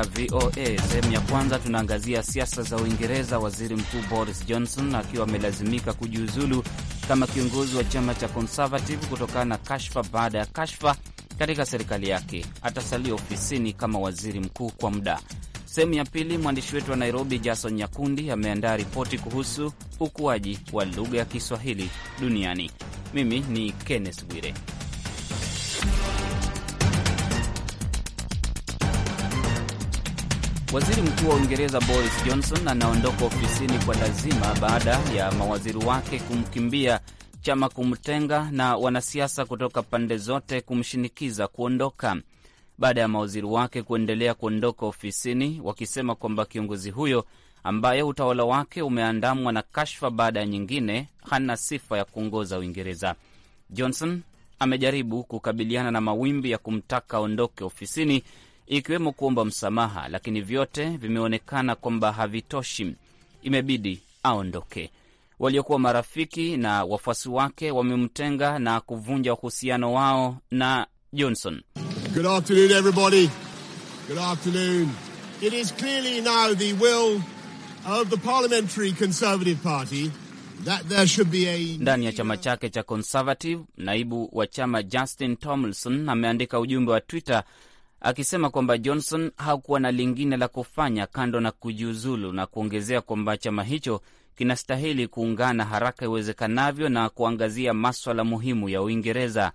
katika VOA. Sehemu ya kwanza tunaangazia siasa za Uingereza, waziri mkuu Boris Johnson akiwa amelazimika kujiuzulu kama kiongozi wa chama cha Conservative kutokana na kashfa baada ya kashfa katika serikali yake. Atasalia ofisini kama waziri mkuu kwa muda. Sehemu ya pili, mwandishi wetu wa Nairobi Jason Nyakundi ameandaa ripoti kuhusu ukuaji wa lugha ya Kiswahili duniani. Mimi ni Kenneth Bwire. Waziri Mkuu wa Uingereza Boris Johnson anaondoka ofisini kwa lazima baada ya mawaziri wake kumkimbia, chama kumtenga, na wanasiasa kutoka pande zote kumshinikiza kuondoka, baada ya mawaziri wake kuendelea kuondoka ofisini wakisema kwamba kiongozi huyo ambaye utawala wake umeandamwa na kashfa baada ya nyingine hana sifa ya kuongoza Uingereza. Johnson amejaribu kukabiliana na mawimbi ya kumtaka aondoke ofisini ikiwemo kuomba msamaha, lakini vyote vimeonekana kwamba havitoshi. Imebidi aondoke. Waliokuwa marafiki na wafuasi wake wamemtenga na kuvunja uhusiano wao na Johnson. Good afternoon everybody. Good afternoon. It is clearly now the will of the Parliamentary Conservative Party that there should be a... Ndani ya chama chake cha Conservative, naibu wa chama Justin Tomlinson ameandika ujumbe wa Twitter akisema kwamba Johnson hakuwa na lingine la kufanya kando na kujiuzulu, na kuongezea kwamba chama hicho kinastahili kuungana haraka iwezekanavyo na kuangazia maswala muhimu ya Uingereza.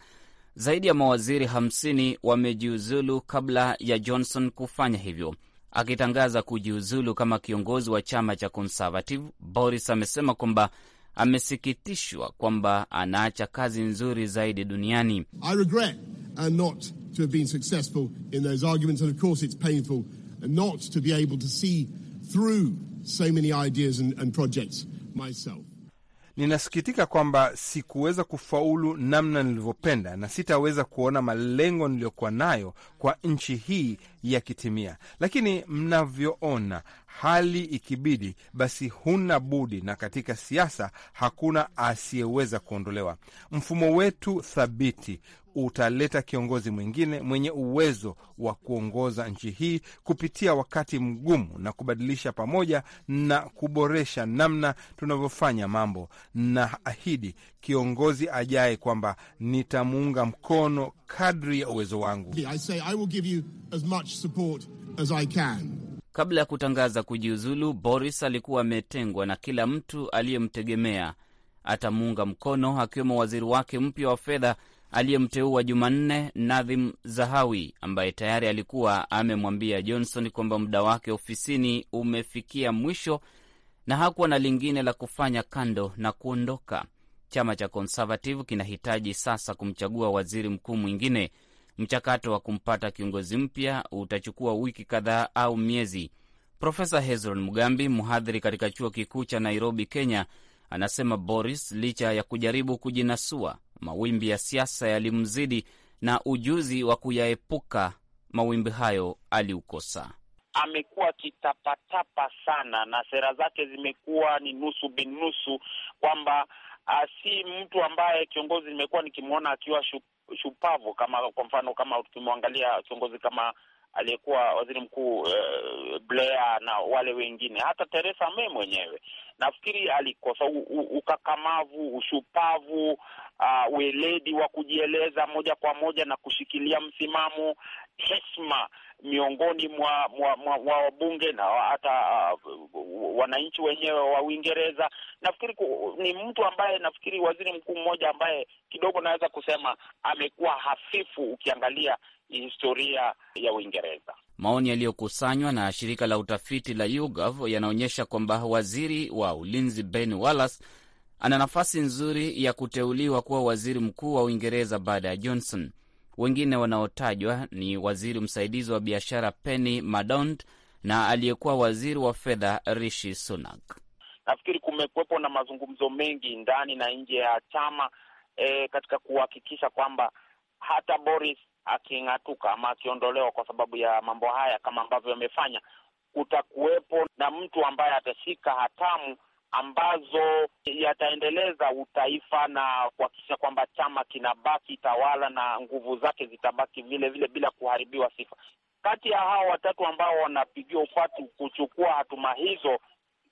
Zaidi ya mawaziri 50 wamejiuzulu kabla ya Johnson kufanya hivyo. Akitangaza kujiuzulu kama kiongozi wa chama cha Conservative, Boris amesema kwamba amesikitishwa kwamba anaacha kazi nzuri zaidi duniani. I regret uh, not to have been successful in those arguments. And of course, it's painful not to be able to see through so many ideas and, and projects myself. Ninasikitika kwamba sikuweza kufaulu namna nilivyopenda na sitaweza kuona malengo niliyokuwa nayo kwa nchi hii yakitimia, lakini mnavyoona hali ikibidi, basi huna budi, na katika siasa hakuna asiyeweza kuondolewa. Mfumo wetu thabiti utaleta kiongozi mwingine mwenye uwezo wa kuongoza nchi hii kupitia wakati mgumu na kubadilisha pamoja na kuboresha namna tunavyofanya mambo. Na ahidi kiongozi ajaye kwamba nitamuunga mkono kadri ya uwezo wangu. I say, I will give you as much support as I can. Kabla ya kutangaza kujiuzulu, Boris alikuwa ametengwa na kila mtu aliyemtegemea atamuunga mkono, akiwemo waziri wake mpya wa fedha aliyemteua Jumanne, Nadhim Zahawi, ambaye tayari alikuwa amemwambia Johnson kwamba muda wake ofisini umefikia mwisho na hakuwa na lingine la kufanya kando na kuondoka. Chama cha Conservative kinahitaji sasa kumchagua waziri mkuu mwingine Mchakato wa kumpata kiongozi mpya utachukua wiki kadhaa au miezi. Profesa Hezron Mugambi, mhadhiri katika chuo kikuu cha Nairobi, Kenya, anasema Boris licha ya kujaribu kujinasua, mawimbi ya siasa yalimzidi na ujuzi wa kuyaepuka mawimbi hayo aliukosa. Amekuwa kitapatapa sana na sera zake zimekuwa ni nusu binusu, kwamba ah, si mtu ambaye kiongozi nimekuwa nikimwona akiwa shupavu, kama kwa mfano kama tumeangalia kiongozi kama aliyekuwa waziri mkuu uh, Blair na wale wengine, hata Theresa May mwenyewe nafikiri alikosa u, u, ukakamavu, ushupavu, uh, ah, weledi wa kujieleza moja kwa moja na kushikilia msimamo, heshima miongoni mwa mwa, mwa, mwa wabunge na hata uh, wananchi wenyewe wa Uingereza. Nafikiri ni mtu ambaye nafikiri waziri mkuu mmoja ambaye kidogo naweza kusema amekuwa hafifu ukiangalia historia ya Uingereza. Maoni yaliyokusanywa na shirika la utafiti la YouGov yanaonyesha kwamba waziri wa ulinzi Ben Wallace ana nafasi nzuri ya kuteuliwa kuwa waziri mkuu wa Uingereza baada ya Johnson. Wengine wanaotajwa ni waziri msaidizi wa biashara Penny Madont na aliyekuwa waziri wa fedha Rishi Sunak. Nafikiri kumekuwepo na mazungumzo mengi ndani na nje ya chama e, katika kuhakikisha kwamba hata Boris aking'atuka ama akiondolewa kwa sababu ya mambo haya kama ambavyo yamefanya, kutakuwepo na mtu ambaye atashika hatamu ambazo yataendeleza utaifa na kuhakikisha kwamba chama kinabaki tawala na nguvu zake zitabaki vile vile bila kuharibiwa sifa. Kati ya hao watatu ambao wanapigiwa upatu kuchukua hatuma hizo,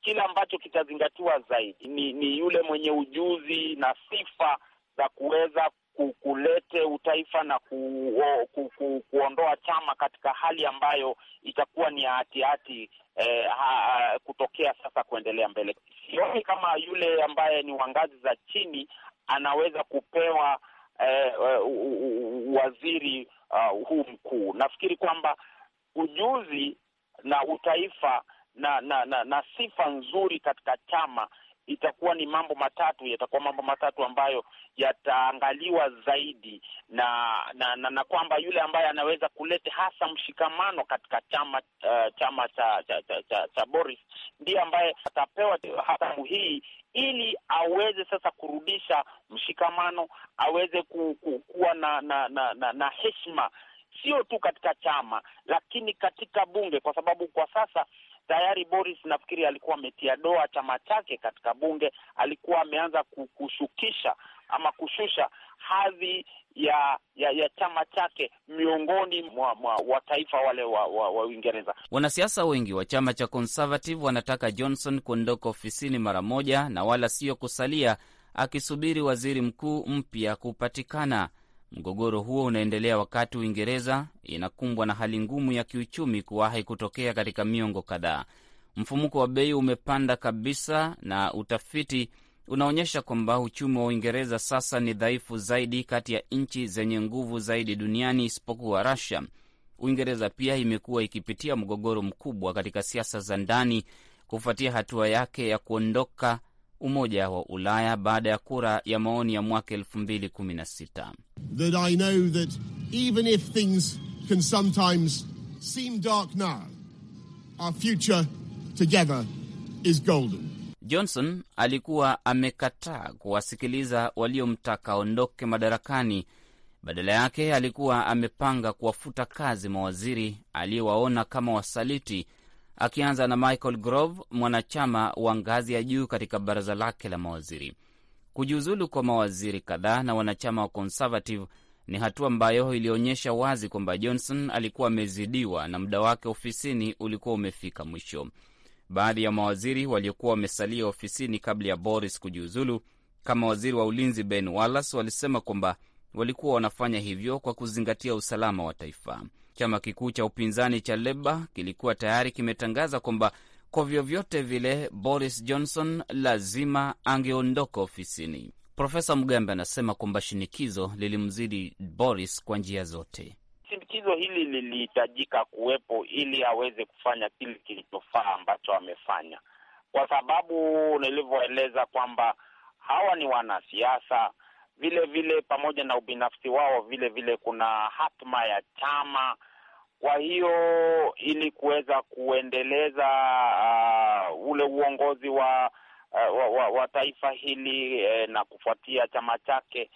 kile ambacho kitazingatiwa zaidi ni, ni yule mwenye ujuzi na sifa za kuweza kulete utaifa na ku, ku, ku, kuondoa chama katika hali ambayo itakuwa ni hatihati eh, ha, kutokea sasa kuendelea mbele. Sioni kama yule ambaye ni wa ngazi za chini anaweza kupewa eh, waziri uh, huu mkuu. Nafikiri kwamba ujuzi na utaifa na na, na na sifa nzuri katika chama itakuwa ni mambo matatu, yatakuwa mambo matatu ambayo yataangaliwa zaidi na na, na, na kwamba yule ambaye anaweza kuleta hasa mshikamano katika chama uh, chama cha cha, cha, cha, cha Boris ndiye ambaye atapewa hatamu hii ili aweze sasa kurudisha mshikamano, aweze ku, ku, kuwa na na, na, na, na heshima sio tu katika chama lakini katika bunge, kwa sababu kwa sasa tayari Boris nafikiri alikuwa ametia doa chama chake katika bunge, alikuwa ameanza kushukisha ama kushusha hadhi ya ya, ya chama chake miongoni mwa, mwa wataifa wale wa Uingereza wa, wa wanasiasa wengi wa chama cha Conservative wanataka Johnson kuondoka ofisini mara moja na wala siyo kusalia akisubiri waziri mkuu mpya kupatikana. Mgogoro huo unaendelea wakati Uingereza inakumbwa na hali ngumu ya kiuchumi kuwahi kutokea katika miongo kadhaa. Mfumuko wa bei umepanda kabisa na utafiti unaonyesha kwamba uchumi wa Uingereza sasa ni dhaifu zaidi kati ya nchi zenye nguvu zaidi duniani isipokuwa rasia Uingereza pia imekuwa ikipitia mgogoro mkubwa katika siasa za ndani kufuatia hatua yake ya kuondoka Umoja wa Ulaya baada ya kura ya maoni ya mwaka 2015. Johnson alikuwa amekataa kuwasikiliza waliomtaka aondoke madarakani. Badala yake alikuwa amepanga kuwafuta kazi mawaziri aliyewaona kama wasaliti akianza na Michael Grove, mwanachama wa ngazi ya juu katika baraza lake la mawaziri. Kujiuzulu kwa mawaziri kadhaa na wanachama wa Conservative ni hatua ambayo ilionyesha wazi kwamba Johnson alikuwa amezidiwa na muda wake ofisini ulikuwa umefika mwisho. Baadhi ya mawaziri waliokuwa wamesalia ofisini kabla ya Boris kujiuzulu, kama waziri wa ulinzi Ben Wallace, walisema kwamba walikuwa wanafanya hivyo kwa kuzingatia usalama wa taifa. Chama kikuu cha upinzani cha Leba kilikuwa tayari kimetangaza kwamba kwa vyovyote vile Boris Johnson lazima angeondoka ofisini. Profesa Mgambe anasema kwamba shinikizo lilimzidi Boris kwa njia zote. Shinikizo hili lilihitajika kuwepo ili aweze kufanya kile kilichofaa ambacho amefanya, kwa sababu nilivyoeleza kwamba hawa ni wanasiasa vile vile, pamoja na ubinafsi wao, vile vile kuna hatma ya chama kwa hiyo ili kuweza kuendeleza uh, ule uongozi wa, uh, wa, wa, wa taifa hili eh, na kufuatia chama chake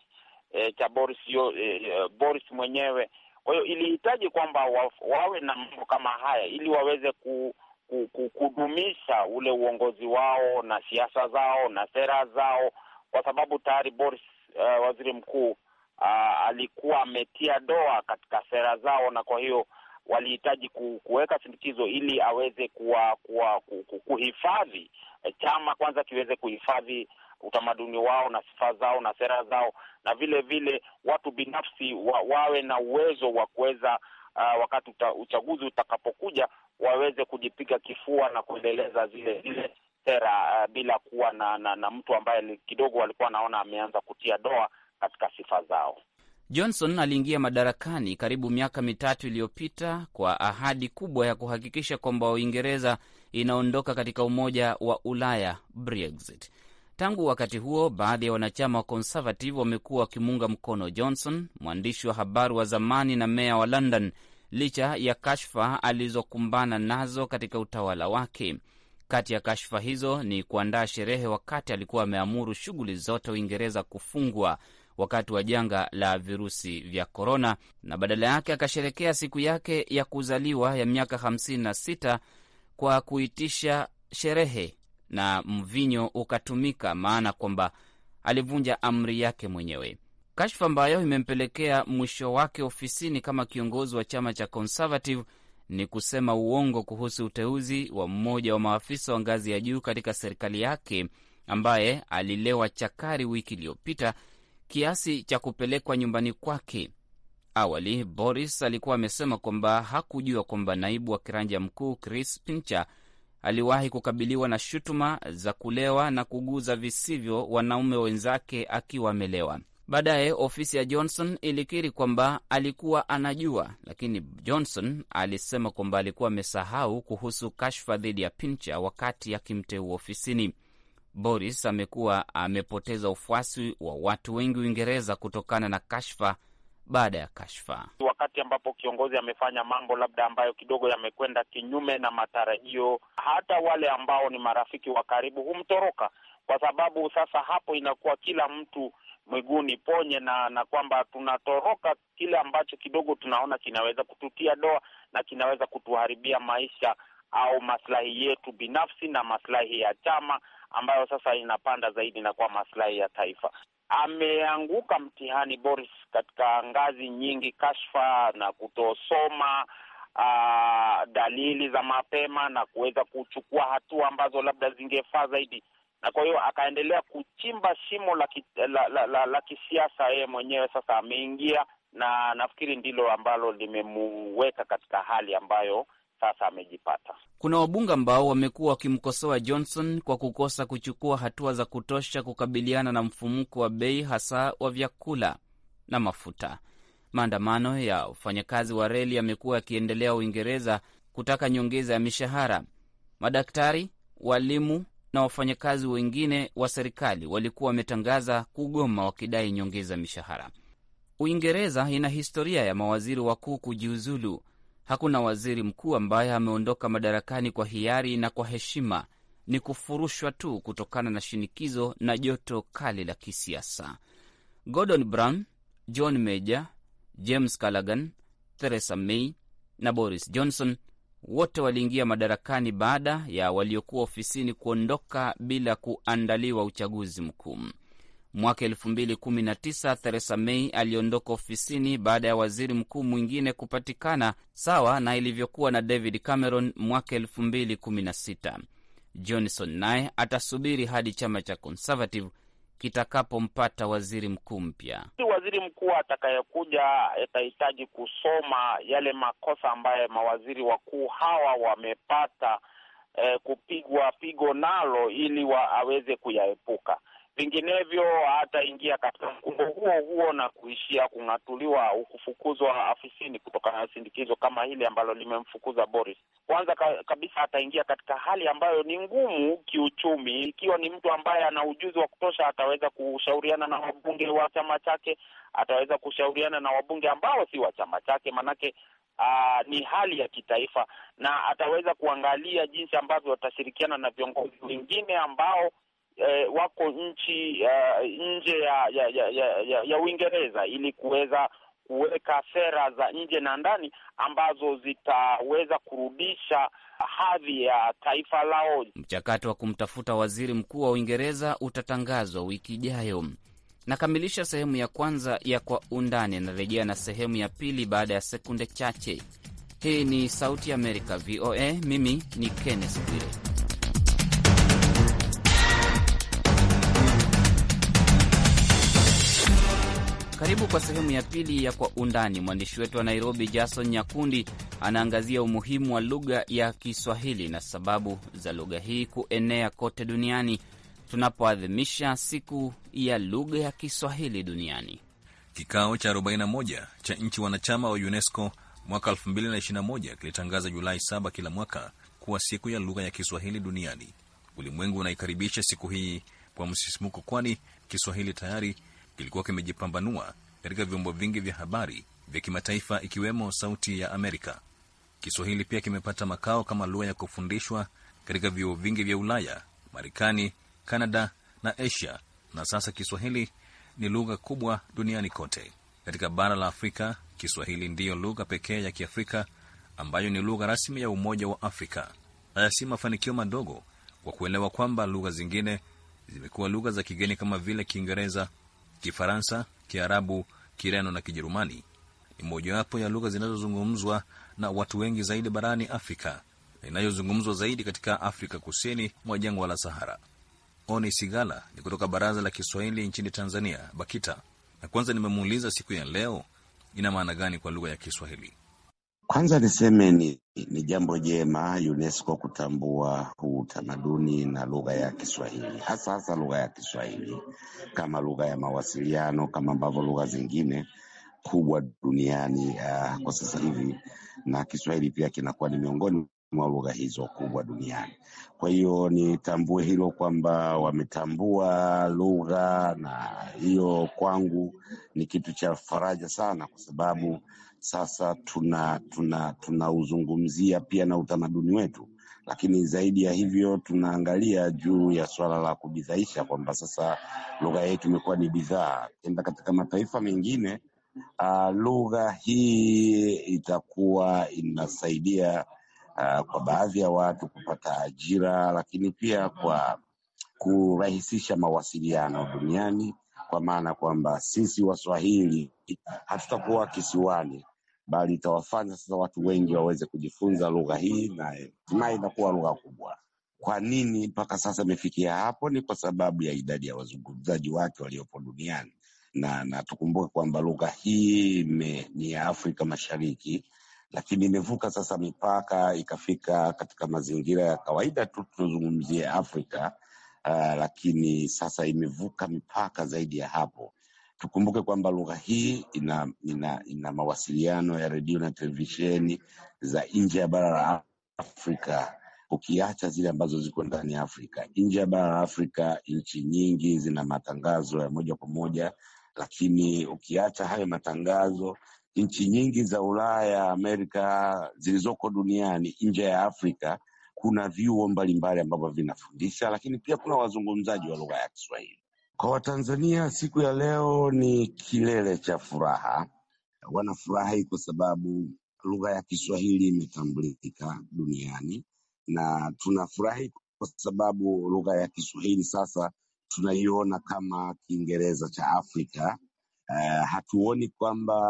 eh, cha Boris, eh, eh, Boris mwenyewe. Kwa hiyo ilihitaji kwamba wa, wawe na mambo kama haya ili waweze ku, ku, ku, kudumisha ule uongozi wao na siasa zao na sera zao, kwa sababu tayari Boris uh, waziri mkuu uh, alikuwa ametia doa katika sera zao, na kwa hiyo walihitaji kuweka sindikizo ili aweze kuwa, kuwa, kuhifadhi eh, chama kwanza kiweze kuhifadhi utamaduni wao na sifa zao na sera zao, na vile vile watu binafsi wa, wawe na uwezo wa kuweza uh, wakati uta, uchaguzi utakapokuja waweze kujipiga kifua na kuendeleza zile zile sera uh, bila kuwa na, na, na mtu ambaye kidogo walikuwa anaona ameanza kutia doa katika sifa zao. Johnson aliingia madarakani karibu miaka mitatu iliyopita kwa ahadi kubwa ya kuhakikisha kwamba Uingereza inaondoka katika Umoja wa Ulaya, Brexit. Tangu wakati huo, baadhi ya wanachama wa Conservative wamekuwa wakimuunga mkono Johnson, mwandishi wa habari wa zamani na meya wa London, licha ya kashfa alizokumbana nazo katika utawala wake. Kati ya kashfa hizo ni kuandaa sherehe wakati alikuwa ameamuru shughuli zote Uingereza kufungwa wakati wa janga la virusi vya korona, na badala yake akasherekea siku yake ya kuzaliwa ya miaka 56 kwa kuitisha sherehe na mvinyo ukatumika, maana kwamba alivunja amri yake mwenyewe, kashfa ambayo imempelekea mwisho wake ofisini kama kiongozi wa chama cha Conservative ni kusema uongo kuhusu uteuzi wa mmoja wa maafisa wa ngazi ya juu katika serikali yake ambaye alilewa chakari wiki iliyopita kiasi cha kupelekwa nyumbani kwake. Awali Boris alikuwa amesema kwamba hakujua kwamba naibu wa kiranja mkuu Chris Pincher aliwahi kukabiliwa na shutuma za kulewa na kuguza visivyo wanaume wenzake akiwa amelewa. Baadaye ofisi ya Johnson ilikiri kwamba alikuwa anajua, lakini Johnson alisema kwamba alikuwa amesahau kuhusu kashfa dhidi ya pincha wakati akimteua ofisini. Boris amekuwa amepoteza ufuasi wa watu wengi Uingereza kutokana na kashfa baada ya kashfa. Wakati ambapo kiongozi amefanya mambo labda ambayo kidogo yamekwenda kinyume na matarajio, hata wale ambao ni marafiki wa karibu humtoroka, kwa sababu sasa hapo inakuwa kila mtu ni ponye, na na kwamba tunatoroka kile ambacho kidogo tunaona kinaweza kututia doa na kinaweza kutuharibia maisha au maslahi yetu binafsi na maslahi ya chama ambayo sasa inapanda zaidi na kwa maslahi ya taifa. Ameanguka mtihani Boris katika ngazi nyingi, kashfa na kutosoma uh, dalili za mapema na kuweza kuchukua hatua ambazo labda zingefaa zaidi na kwa hiyo akaendelea kuchimba shimo la, la, la, la, la kisiasa. Yeye mwenyewe sasa ameingia, na nafikiri ndilo ambalo limemuweka katika hali ambayo sasa amejipata. Kuna wabunge ambao wamekuwa wakimkosoa Johnson kwa kukosa kuchukua hatua za kutosha kukabiliana na mfumuko wa bei, hasa wa vyakula na mafuta. Maandamano ya wafanyakazi wa reli yamekuwa yakiendelea Uingereza kutaka nyongeza ya mishahara. Madaktari, walimu na wafanyakazi wengine wa serikali walikuwa wametangaza kugoma wakidai nyongeza mishahara. Uingereza ina historia ya mawaziri wakuu kujiuzulu. Hakuna waziri mkuu ambaye ameondoka madarakani kwa hiari na kwa heshima, ni kufurushwa tu kutokana na shinikizo na joto kali la kisiasa. Gordon Brown, John Major, James Callaghan, Theresa May na Boris Johnson wote waliingia madarakani baada ya waliokuwa ofisini kuondoka bila kuandaliwa uchaguzi mkuu. Mwaka elfu mbili kumi na tisa Theresa May aliondoka ofisini baada ya waziri mkuu mwingine kupatikana, sawa na ilivyokuwa na David Cameron mwaka elfu mbili kumi na sita. Johnson naye atasubiri hadi chama cha Conservative kitakapompata waziri mkuu mpya. Waziri mkuu atakayekuja atahitaji kusoma yale makosa ambayo mawaziri wakuu hawa wamepata eh, kupigwa pigo nalo ili wa aweze kuyaepuka vinginevyo hataingia katika mkumbo huo huo na kuishia kung'atuliwa au kufukuzwa afisini kutokana na sindikizo kama hili ambalo limemfukuza Boris. Kwanza ka, kabisa ataingia katika hali ambayo ni ngumu kiuchumi. Ikiwa ni mtu ambaye ana ujuzi wa kutosha, ataweza kushauriana na wabunge wa chama chake, ataweza kushauriana na wabunge ambao si wa chama chake, manake Uh, ni hali ya kitaifa na ataweza kuangalia jinsi ambavyo atashirikiana na viongozi wengine ambao eh, wako nchi uh, nje ya ya, ya, ya, ya, ya Uingereza ili kuweza kuweka sera za nje na ndani ambazo zitaweza kurudisha hadhi ya taifa lao. Mchakato wa kumtafuta waziri mkuu wa Uingereza utatangazwa wiki ijayo. Nakamilisha sehemu ya kwanza ya Kwa Undani, narejea na sehemu ya pili baada ya sekunde chache. Hii ni Sauti ya Amerika, VOA. Mimi ni Kenneth Bwire. Karibu kwa sehemu ya pili ya Kwa Undani. Mwandishi wetu wa Nairobi, Jason Nyakundi, anaangazia umuhimu wa lugha ya Kiswahili na sababu za lugha hii kuenea kote duniani tunapoadhimisha siku ya lugha ya Kiswahili duniani. Kikao cha 41 cha nchi wanachama wa UNESCO mwaka 2021 kilitangaza Julai 7 kila mwaka kuwa siku ya lugha ya Kiswahili duniani. Ulimwengu unaikaribisha siku hii kwa msisimuko, kwani Kiswahili tayari kilikuwa kimejipambanua katika vyombo vingi vya habari vya kimataifa ikiwemo Sauti ya Amerika. Kiswahili pia kimepata makao kama lugha ya kufundishwa katika vyuo vingi vya Ulaya, Marekani, Kanada na Asia, na sasa Kiswahili ni lugha kubwa duniani kote. Katika bara la Afrika, Kiswahili ndiyo lugha pekee ya Kiafrika ambayo ni lugha rasmi ya Umoja wa Afrika. Haya si mafanikio madogo kwa kuelewa kwamba lugha zingine zimekuwa lugha za kigeni kama vile Kiingereza, Kifaransa, Kiarabu, Kireno na Kijerumani ni mojawapo ya lugha zinazozungumzwa na watu wengi zaidi barani Afrika na inayozungumzwa zaidi katika Afrika kusini mwa jangwa la Sahara. Oni Sigala ni kutoka Baraza la Kiswahili nchini Tanzania, BAKITA, na kwanza nimemuuliza siku ya leo ina maana gani kwa lugha ya Kiswahili. Kwanza niseme ni, ni jambo jema UNESCO kutambua huu utamaduni na lugha ya Kiswahili, hasa hasa lugha ya Kiswahili kama lugha ya mawasiliano kama ambavyo lugha zingine kubwa duniani uh, kwa sasa hivi, na Kiswahili pia kinakuwa ni miongoni mwa lugha hizo kubwa duniani. Kwa hiyo nitambue hilo kwamba wametambua lugha, na hiyo kwangu ni kitu cha faraja sana, kwa sababu sasa tunauzungumzia tuna, tuna pia na utamaduni wetu, lakini zaidi ya hivyo tunaangalia juu ya swala la kubidhaisha kwamba sasa lugha yetu imekuwa ni bidhaa. Enda katika mataifa mengine uh, lugha hii itakuwa inasaidia uh, kwa baadhi ya watu kupata ajira, lakini pia kwa kurahisisha mawasiliano duniani, kwa maana kwamba sisi Waswahili hatutakuwa kisiwani bali itawafanya sasa watu wengi waweze kujifunza lugha hii na hatimaye inakuwa lugha kubwa. Kwa nini mpaka sasa imefikia hapo? Ni kwa sababu ya idadi ya wazungumzaji wake waliopo duniani, na na tukumbuke kwamba lugha hii me, ni ya Afrika Mashariki, lakini imevuka sasa mipaka ikafika katika mazingira ya kawaida tu tunazungumzia Afrika. Uh, lakini sasa imevuka mipaka zaidi ya hapo Tukumbuke kwamba lugha hii ina, ina, ina mawasiliano ya redio na televisheni za nje ya bara la Afrika ukiacha zile ambazo ziko ndani ya Afrika. Nje ya bara la Afrika, nchi nyingi zina matangazo ya moja kwa moja, lakini ukiacha hayo matangazo, nchi nyingi za Ulaya, Amerika zilizoko duniani nje ya Afrika kuna vyuo mbalimbali ambavyo vinafundisha, lakini pia kuna wazungumzaji wa lugha ya Kiswahili. Kwa Watanzania siku ya leo ni kilele cha furaha. Wanafurahi kwa sababu lugha ya Kiswahili imetambulika duniani, na tunafurahi kwa sababu lugha ya Kiswahili sasa tunaiona kama Kiingereza cha Afrika. Uh, hatuoni kwamba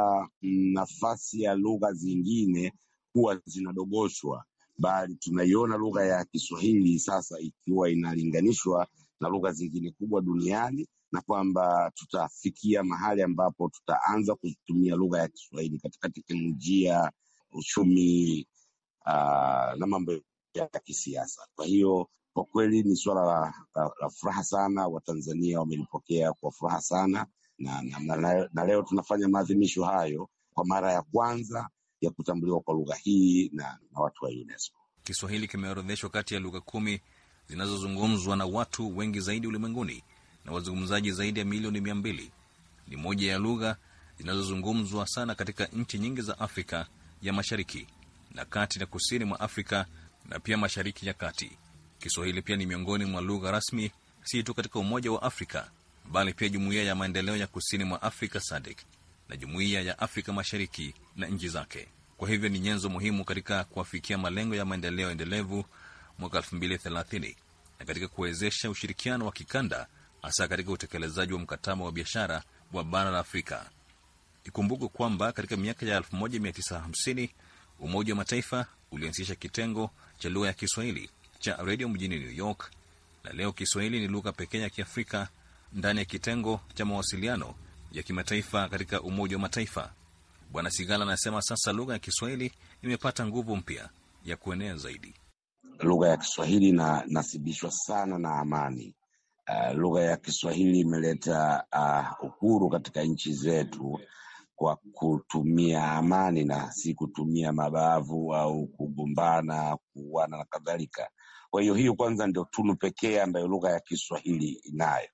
nafasi ya lugha zingine huwa zinadogoshwa, bali tunaiona lugha ya Kiswahili sasa ikiwa inalinganishwa na lugha zingine kubwa duniani na kwamba tutafikia mahali ambapo tutaanza kutumia lugha ya Kiswahili katika teknolojia, uchumi uh, na mambo ya kisiasa. Kwa hiyo kwa kweli ni suala la, la, la furaha sana. Watanzania wamelipokea kwa furaha sana na, na, na, na leo tunafanya maadhimisho hayo kwa mara ya kwanza ya kutambuliwa kwa lugha hii na, na watu wa UNESCO. Kiswahili kimeorodheshwa kati ya lugha kumi zinazozungumzwa na watu wengi zaidi ulimwenguni na wazungumzaji zaidi ya milioni mia mbili. Ni moja ya lugha zinazozungumzwa sana katika nchi nyingi za Afrika ya Mashariki na Kati na kusini mwa Afrika na pia Mashariki ya Kati. Kiswahili pia ni miongoni mwa lugha rasmi si tu katika Umoja wa Afrika bali pia Jumuiya ya Maendeleo ya Kusini mwa Afrika SADC na Jumuiya ya Afrika Mashariki na nchi zake. Kwa hivyo ni nyenzo muhimu katika kuafikia malengo ya maendeleo endelevu mwaka 2030 na katika kuwezesha ushirikiano wa kikanda hasa katika utekelezaji wa mkataba wa biashara wa bara la Afrika. Ikumbukwe kwamba katika miaka ya 1950 Umoja wa Mataifa ulianzisha kitengo cha lugha ya Kiswahili cha redio mjini New York, na leo Kiswahili ni lugha pekee ya Kiafrika ndani ya kitengo cha mawasiliano ya kimataifa katika Umoja wa Mataifa. Bwana Sigala anasema sasa lugha ya Kiswahili imepata nguvu mpya ya kuenea zaidi lugha ya Kiswahili inanasibishwa sana na amani. Uh, lugha ya Kiswahili imeleta uh, uhuru katika nchi zetu kwa kutumia amani na si kutumia mabavu au kugombana, kuuana na kadhalika. Kwa hiyo hiyo kwanza ndio tunu pekee ambayo lugha ya Kiswahili inayo.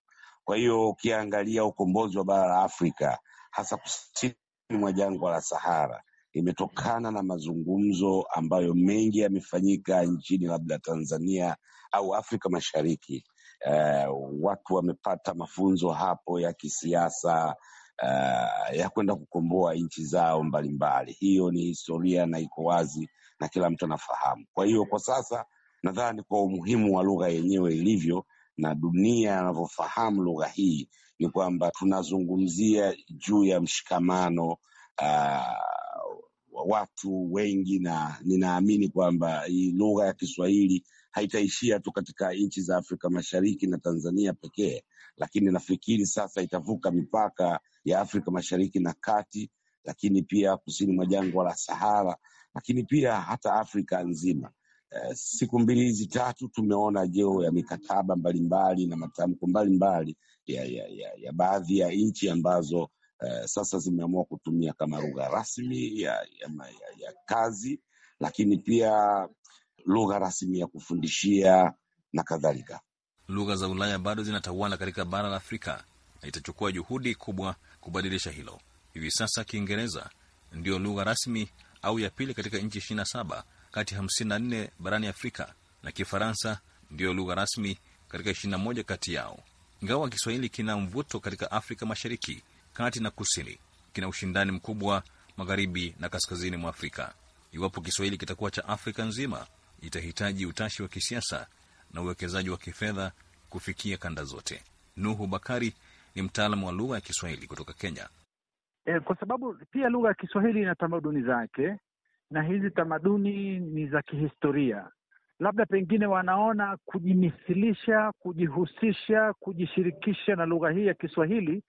Kwa hiyo ukiangalia ukombozi wa bara la Afrika hasa kusini mwa jangwa la Sahara imetokana na mazungumzo ambayo mengi yamefanyika nchini labda Tanzania au Afrika Mashariki. Uh, watu wamepata mafunzo hapo ya kisiasa uh, ya kwenda kukomboa nchi zao mbalimbali. Hiyo ni historia na iko wazi na kila mtu anafahamu. Kwa hiyo kwa sasa nadhani kwa umuhimu wa lugha yenyewe ilivyo na dunia anavyofahamu lugha hii ni kwamba tunazungumzia juu ya mshikamano uh, watu wengi, na ninaamini kwamba hii lugha ya Kiswahili haitaishia tu katika nchi za Afrika Mashariki na Tanzania pekee, lakini nafikiri sasa itavuka mipaka ya Afrika Mashariki na Kati, lakini pia kusini mwa jangwa la Sahara, lakini pia hata Afrika nzima. Eh, siku mbili hizi tatu tumeona jeo ya mikataba mbalimbali mbali na matamko mbalimbali ya, ya, ya, ya baadhi ya nchi ambazo Eh, sasa zimeamua kutumia kama lugha rasmi ya, ya, ya, ya kazi, lakini pia lugha rasmi ya kufundishia na kadhalika. Lugha za Ulaya bado zinatawala katika bara la Afrika na itachukua juhudi kubwa kubadilisha hilo. Hivi sasa Kiingereza ndiyo lugha rasmi au ya pili katika nchi 27 kati ya 54 barani Afrika na Kifaransa ndiyo lugha rasmi katika 21 kati yao. Ingawa Kiswahili kina mvuto katika Afrika Mashariki, kati na kusini. Kina ushindani mkubwa magharibi na kaskazini mwa Afrika. Iwapo Kiswahili kitakuwa cha Afrika nzima, itahitaji utashi wa kisiasa na uwekezaji wa kifedha kufikia kanda zote. Nuhu Bakari ni mtaalamu wa lugha ya Kiswahili kutoka Kenya. E, kwa sababu pia lugha ya Kiswahili ina tamaduni zake, na hizi tamaduni ni za kihistoria. Labda pengine wanaona kujimithilisha, kujihusisha, kujishirikisha na lugha hii ya Kiswahili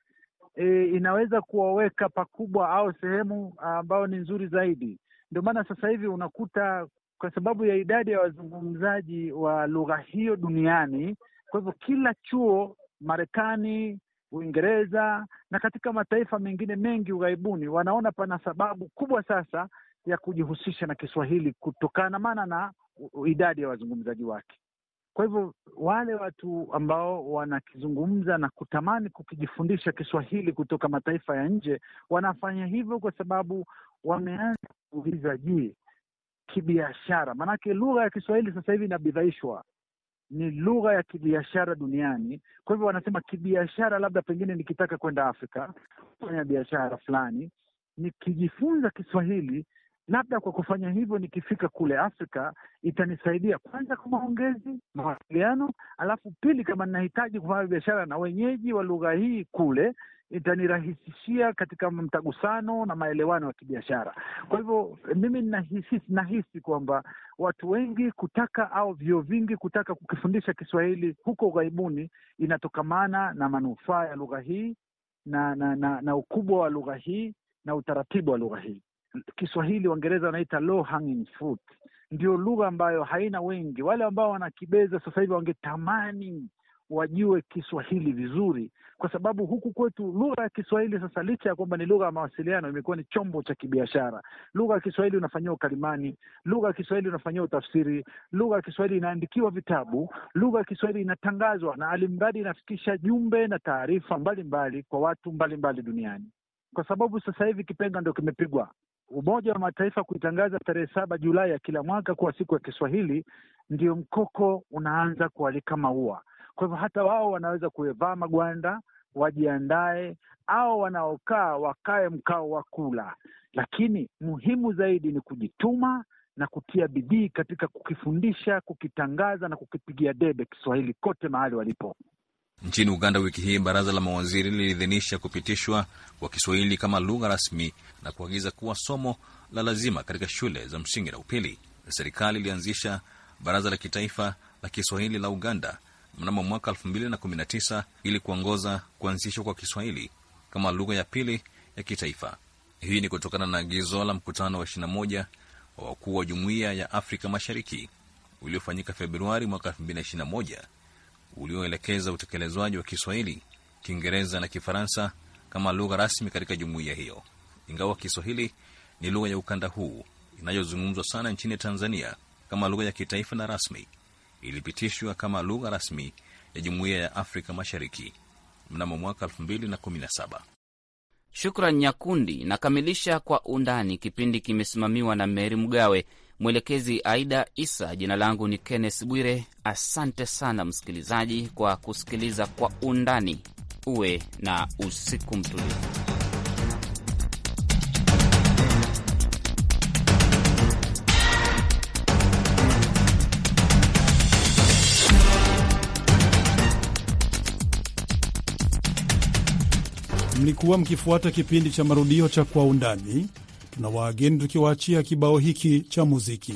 e, inaweza kuwaweka pakubwa au sehemu ah, ambayo ni nzuri zaidi. Ndio maana sasa hivi unakuta kwa sababu ya idadi ya wazungumzaji wa lugha hiyo duniani, kwa hivyo kila chuo Marekani, Uingereza na katika mataifa mengine mengi ughaibuni wanaona pana sababu kubwa sasa ya kujihusisha na Kiswahili kutokana maana na idadi ya wazungumzaji wake. Kwa hivyo wale watu ambao wanakizungumza na kutamani kukijifundisha Kiswahili kutoka mataifa ya nje wanafanya hivyo kwa sababu wameanza kuuliza, je, kibiashara? Maanake lugha ya Kiswahili sasa hivi inabidhaishwa ni lugha ya kibiashara duniani. Kwa hivyo wanasema kibiashara, labda pengine nikitaka kwenda Afrika kufanya biashara fulani, nikijifunza Kiswahili labda kwa kufanya hivyo nikifika kule Afrika itanisaidia kwanza kwa maongezi, mawasiliano, alafu pili, kama ninahitaji kufanya biashara na wenyeji wa lugha hii kule itanirahisishia katika mtagusano na maelewano ya kibiashara. Kwa hivyo mimi nahisi, nahisi kwamba watu wengi kutaka au vyuo vingi kutaka kukifundisha Kiswahili huko ughaibuni inatokamana na manufaa ya lugha hii na na, na na ukubwa wa lugha hii na utaratibu wa lugha hii. Kiswahili Waingereza wanaita low hanging fruit, ndio lugha ambayo haina wengi. Wale ambao wanakibeza sasa hivi wangetamani wajue Kiswahili vizuri, kwa sababu huku kwetu lugha ya Kiswahili sasa, licha ya kwamba ni lugha ya mawasiliano, imekuwa ni chombo cha kibiashara. Lugha ya Kiswahili unafanyia ukalimani, lugha ya Kiswahili unafanyia utafsiri, lugha ya Kiswahili inaandikiwa vitabu, lugha ya Kiswahili inatangazwa, na alimradi inafikisha jumbe na taarifa mbalimbali kwa watu mbalimbali mbali duniani, kwa sababu sasa hivi kipenga ndo kimepigwa. Umoja wa Mataifa kuitangaza tarehe saba Julai ya kila mwaka kuwa siku ya Kiswahili, ndio mkoko unaanza kualika maua. Kwa hivyo hata wao wanaweza kuvaa magwanda wajiandae, au wanaokaa wakae mkao wa kula, lakini muhimu zaidi ni kujituma na kutia bidii katika kukifundisha, kukitangaza na kukipigia debe Kiswahili kote mahali walipo. Nchini Uganda wiki hii baraza la mawaziri liliidhinisha kupitishwa kwa Kiswahili kama lugha rasmi na kuagiza kuwa somo la lazima katika shule za msingi na upili. Serikali ilianzisha baraza la kitaifa la Kiswahili la Uganda mnamo mwaka 2019 ili kuongoza kuanzishwa kwa Kiswahili kama lugha ya pili ya kitaifa. Hii ni kutokana na agizo la mkutano wa 21 wa wakuu wa Jumuiya ya Afrika Mashariki uliofanyika Februari mwaka ulioelekeza utekelezwaji wa Kiswahili, Kiingereza na Kifaransa kama lugha rasmi katika jumuiya hiyo. Ingawa Kiswahili ni lugha ya ukanda huu inayozungumzwa sana nchini Tanzania kama lugha ya kitaifa na rasmi, ilipitishwa kama lugha rasmi ya jumuiya ya Afrika Mashariki mnamo mwaka 2017. Shukran Nyakundi. Nakamilisha kwa undani. Kipindi kimesimamiwa na Meri Mgawe. Mwelekezi Aida Isa. Jina langu ni Kenneth Bwire. Asante sana msikilizaji kwa kusikiliza Kwa Undani. Uwe na usiku mtulivu. Mlikuwa mkifuata kipindi cha marudio cha Kwa Undani Tuna waageni tukiwaachia kibao hiki cha muziki.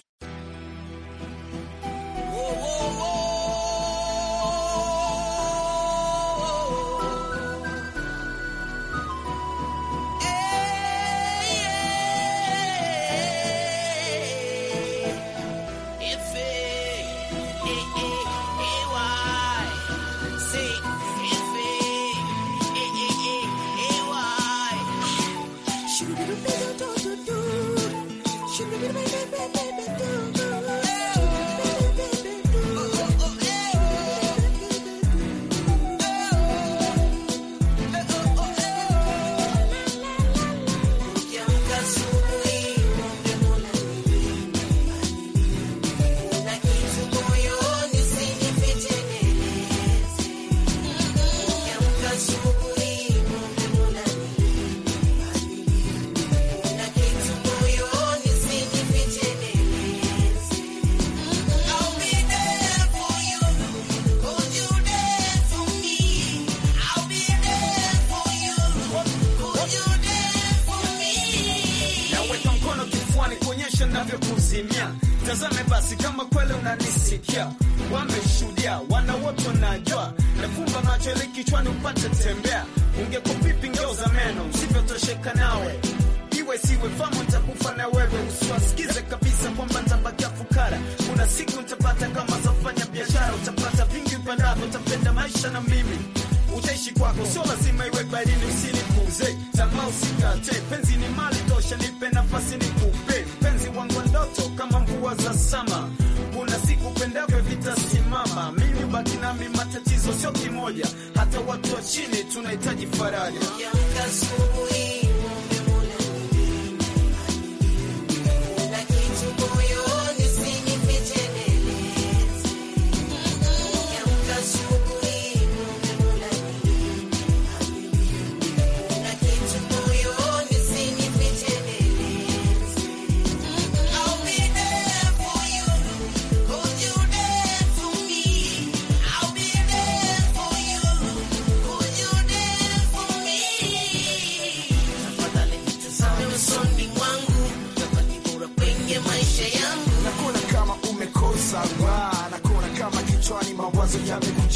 nini usinipuze, tamaa usikate, penzi ni mali tosha, nipe nafasi nikupe penzi wangu ndoto kama mvua za sama, kuna siku pendavyo vitasimama, mimi ubaki nami, matatizo sio kimoja, hata watu wa chini tunahitaji faraja.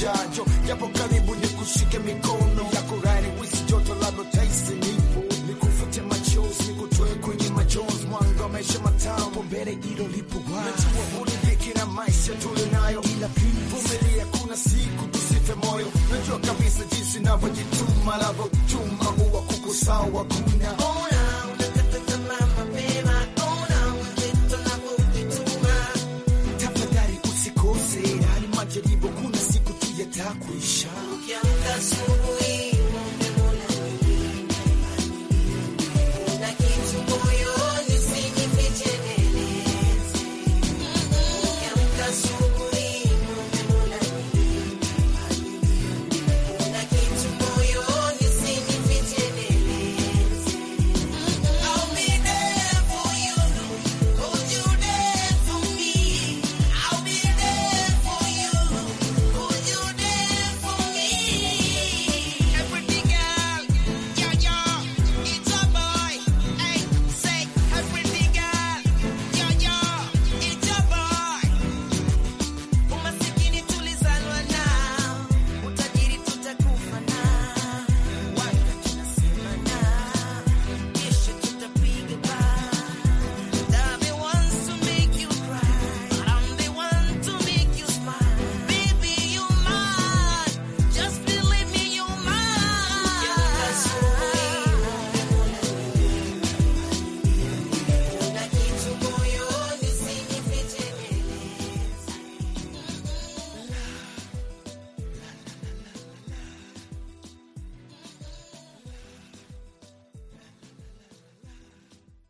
chanjo, japo karibu ni kushike mikono yako rani, wisi joto labo taisi nipo, nikufute machozi, nikutoe kwenye machozi, mwanga maisha matamu, pombele ilo lipo najua huridhiki na maisha nayo ila vumilia, kuna siku tusife moyo, najua kabisa jinsi navyojituma, navyochuma huwa kukusawa kuna Cuixá.